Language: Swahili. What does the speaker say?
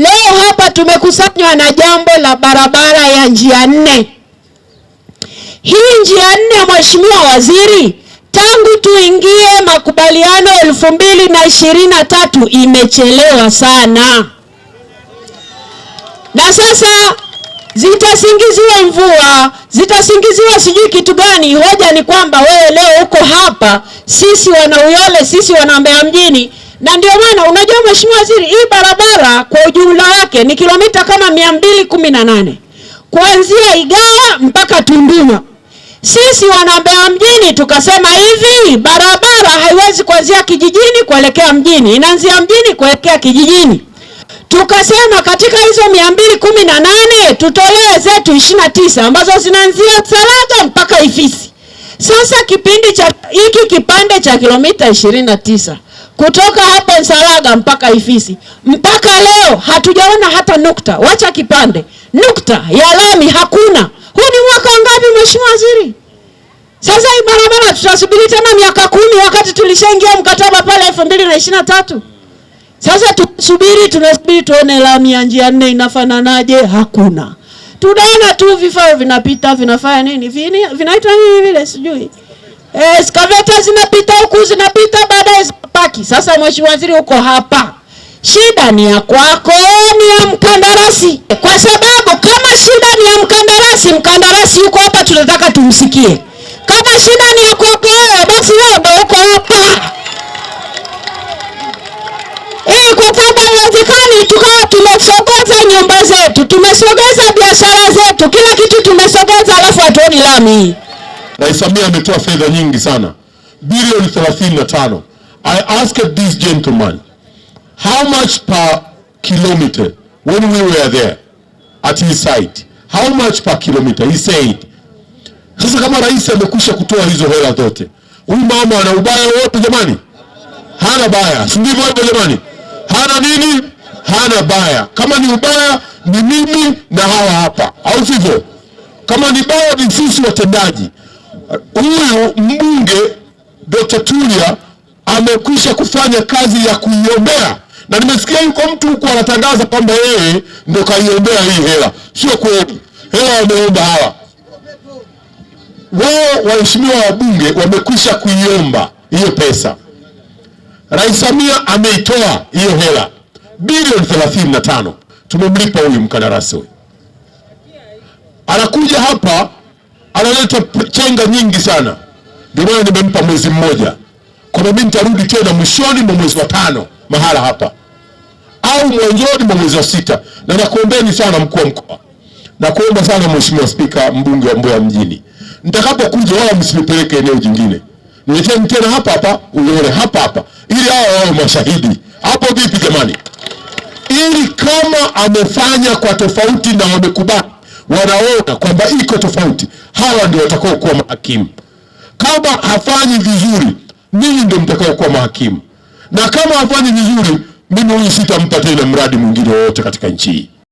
Leo hapa tumekusanywa na jambo la barabara ya njia nne. Hii njia nne, Mheshimiwa Waziri, tangu tuingie makubaliano elfu mbili na ishirini na tatu imechelewa sana, na sasa zitasingiziwa mvua, zitasingiziwa sijui kitu gani. Hoja ni kwamba wewe leo uko hapa, sisi wana Uyole, sisi wana Mbeya mjini na ndio maana unajua, Mheshimiwa Waziri, hii barabara kwa ujumla wake ni kilomita kama mia mbili kumi na nane kuanzia Igawa mpaka Tunduma. Sisi wana Mbeya mjini tukasema hivi, barabara haiwezi kuanzia kijijini kuelekea mjini, inaanzia mjini kuelekea kijijini. Tukasema katika hizo mia mbili kumi na nane tutolee zetu ishirini na tisa ambazo zinaanzia Saraga mpaka Ifisi. Sasa kipindi cha hiki kipande cha kilomita ishirini na tisa kutoka hapa Nsalaga mpaka Ifisi, mpaka leo hatujaona hata nukta, wacha kipande, nukta ya lami hakuna. Huu ni mwaka ngapi, mheshimiwa waziri? Sasa hii barabara tutasubiri tena miaka kumi wakati tulishaingia mkataba pale elfu mbili na ishirini na tatu. Sasa tusubiri, tunasubiri tuone lami ya njia nne inafananaje? Hakuna, tunaona tu vifaa vinapita vinafanya nini, vinaitwa nini vile, sijui eh, excavator zinapita huku zinapita baadaye haki. Sasa mheshimiwa waziri, uko hapa, shida ni ya kwako, ni ya mkandarasi, kwa sababu kama shida ni ya mkandarasi, mkandarasi yuko hapa, tunataka tumsikie. Kama shida ni ya kwako wewe, basi wewe uko hapa ili eh, kwa sababu haiwezekani tukawa tumesogeza nyumba zetu, tumesogeza biashara zetu, kila kitu tumesogeza, alafu hatuoni lami. Rais Samia ametoa fedha nyingi sana bilioni 35 I asked this gentleman, how much per kilometer when we were there at his site, how much per kilometer? He said. Sasa kama rais amekwisha kutoa hizo hela zote, huyu mama ana ubaya wote jamani? Hana baya, si ndivyo hivyo jamani? Hana nini? Hana baya. Kama ni ubaya ni mimi na hawa hapa, au sivyo? Kama ni baya ni sisi watendaji. Huyu mbunge Dr. Tulia amekwisha kufanya kazi ya kuiombea, na nimesikia yuko mtu huko anatangaza kwamba yeye ndo kaiombea hii hela. Sio kweli, hela wameomba hawa wao. Waheshimiwa wabunge wamekwisha kuiomba hiyo pesa. Rais Samia ameitoa hiyo hela bilioni tano tumemlipa huyu mkandarasi huyu. Anakuja hapa analeta chenga nyingi sana, ndio maana nimempa mwezi mmoja kwamba mimi nitarudi tena mwishoni mwa mwezi wa tano mahala hapa au mwanzoni mwa mwezi wa sita, na nakuombeni sana mkuu wa mkoa, nakuomba sana mheshimiwa Spika, mbunge wa Mbeya mjini, nitakapokuja wala msinipeleke eneo jingine, nileteni tena hapa hapa uone hapa hapa, ili hao wawe mashahidi. Hapo vipi jamani? Ili kama amefanya kwa tofauti na wamekubali, wanaona kwamba iko tofauti, hawa ndio watakao kuwa mahakimu. Kama hafanyi vizuri Ninyi ndio mtakao kuwa mahakimu, na kama hafanyi vizuri, mimi huyu sitampa tena mradi mwingine wowote katika nchi hii.